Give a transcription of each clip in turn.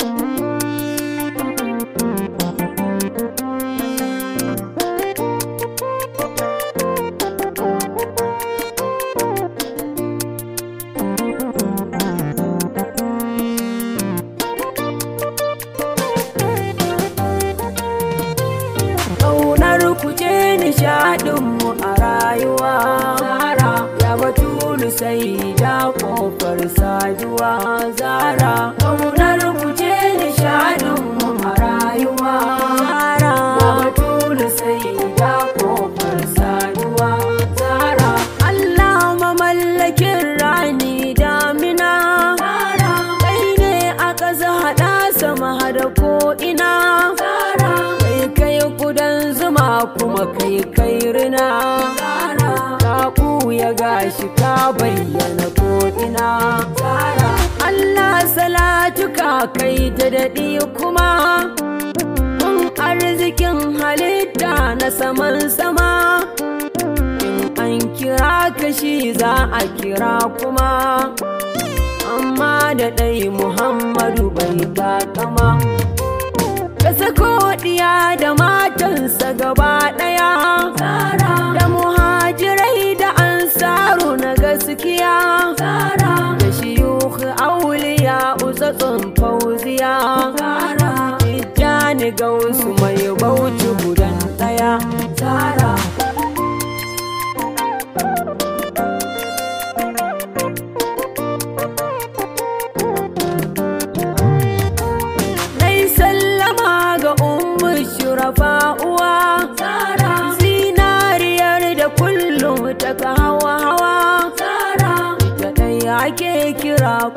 mu a rayuwa Zara ya batulu sai da kofar saduwa Zara yi kai rina ta ya gashi ka bayyana ko'ina Allah salatuka kai da daɗi kuma in arzikin halitta na saman sama in an kira kashi za a kira kuma amma da ɗai Muhammadu bai kama. ya sako diya da matansa gaba daya da muhajirai da ansaru na gaskiya da shiyuhu auliya uzatsun fauziya tijjani gausu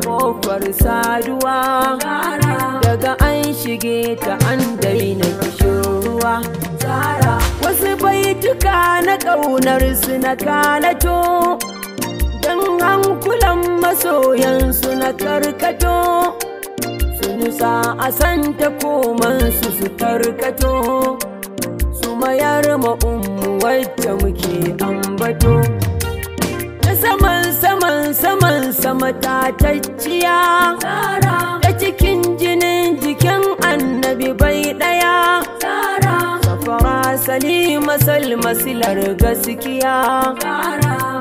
kofar saduwa daga an shige ta an daina kishiruwa wasu baituka na ƙaunar su na kalato don hankulan masoyansu na karkato su nusa a ta komansu su karkato su mayar ma'ummu wacce muke ambato saman saman saman sama ta tacciya da cikin jinin jikin annabi bai daya safara salima salmasilar gaskiya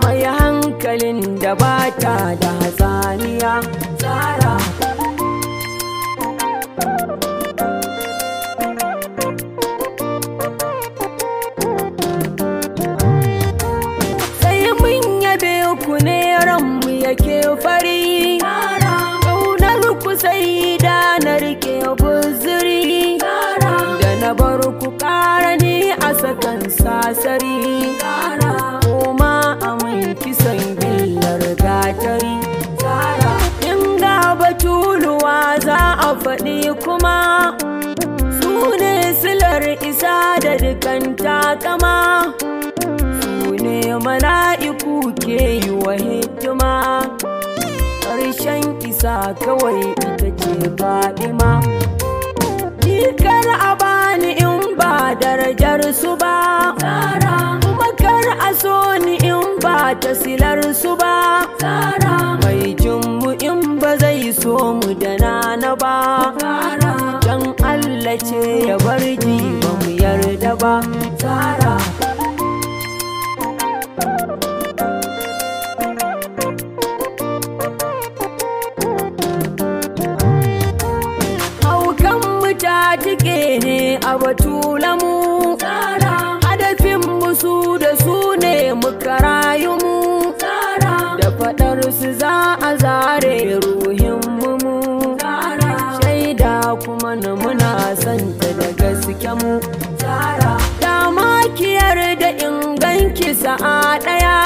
mai hankalin da bata da hatsaniya sakan sasari kuma a mai kisan gillar gatari in ga batuluwa za a faɗi kuma su ne silar isa da dukan takama su ne mala'iku ke yi wa hidima ƙarshen isa kawai ita ce fadima. Jikar silarsu ba makar a so ni in ba ta silarsu ba mai jinmu in ba zai so mu da nana ba don Allah ce ya ji ba mu yarda ba tsara tike ne a suka rayu mu da faɗar su za a zare ruhin mu shaida kuma na muna santa da gaske mu dama kiyar da inganki sa'a ɗaya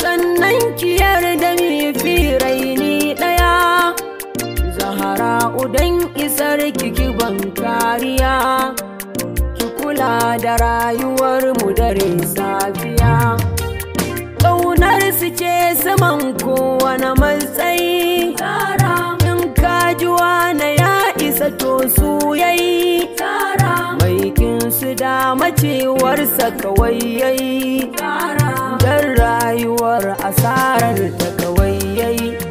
sannan kiyar da mifi raini ɗaya zahara udan isar kiki ban kariya kula da rayuwar mu dare sabi suke saman na matsayi in kajuwa na ya isa to su yayi maikin su da sa kawai yayi don rayuwar asarar ta kawai yayi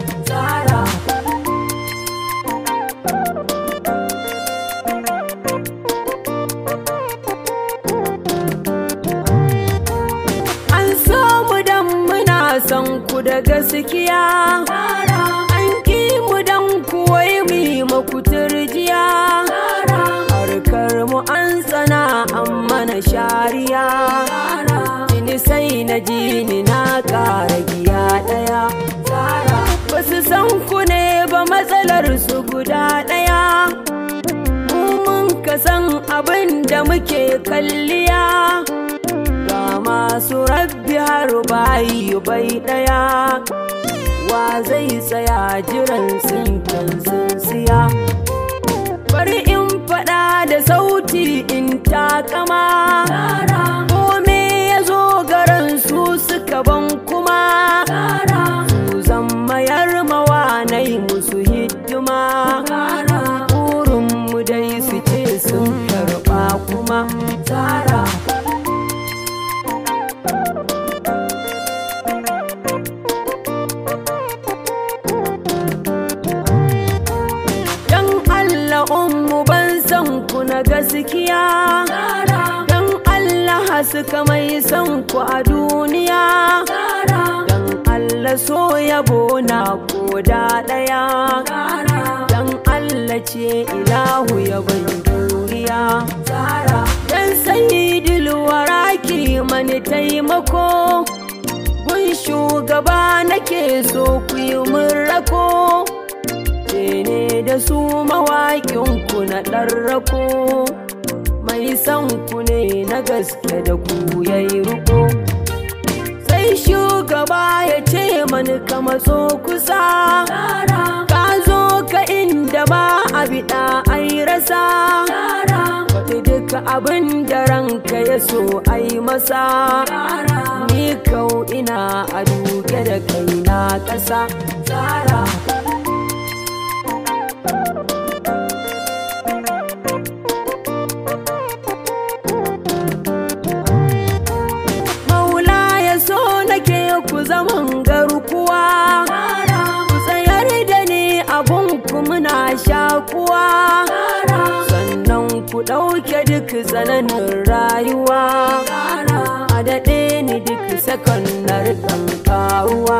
sanku da gaskiya an ki mu dan kuwai mu yi maku turjiya harkar mu an tsana an mana shariya jini sai na ji ni na ƙara giya ɗaya basu san ku ne ba matsalar su guda ɗaya mun ka san abin da muke kalliya masu rabbi har bayi bai ɗaya wa zai tsaya jiran sun siya? bari in faɗa da sauti in takama kome ya zo garan su suka ban kuma zan mayar mawa musu hidima burinmu dai su ce sun karɓa kuma gaskiya Dan Allah suka mai son ku a duniya don Allah so bona ko koda ɗaya don Allah ce ilahu bai duniya don sayidul waraki mani taimako gun shugaba nake so ku yi mun rako ne da su mawaƙinku na ɗarrako mai son ku ne na gaske da ku yayi ruko sai shugaba ya ce mani ka matso kusa ka zo ka inda ba a biɗa ai rasa duka abin da ranka ya so ai masa ni kau ina a duke da kai na ƙasa samun garkuwa ku tsayar da ni abun ku muna shakuwa sannan ku ɗauke duk tsananin rayuwa a daɗe ni duk sakannar ɗan kawuwa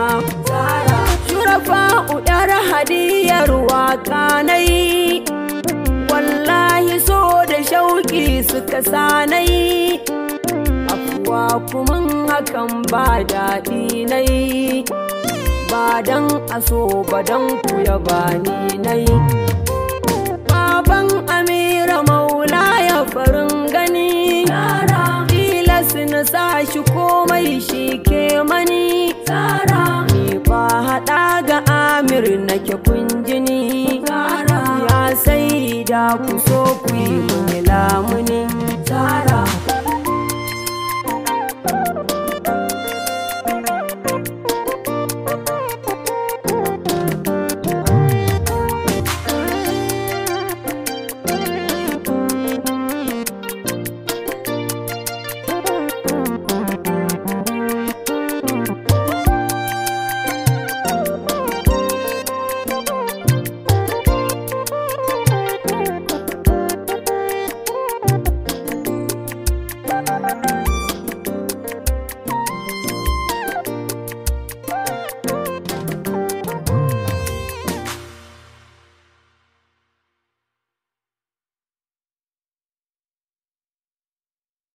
shurafa uɗar hadiyar waka na yi wallahi so da shauƙi suka sanai yawa kuma hakan ba daɗi nai ba dan aso ba dan ku ba ni nai baban amira maula ya farin gani kila na sa shi komai shi ke mani ni ba haɗa ga amir nake kunjini ya sai da ku so ku yi lamuni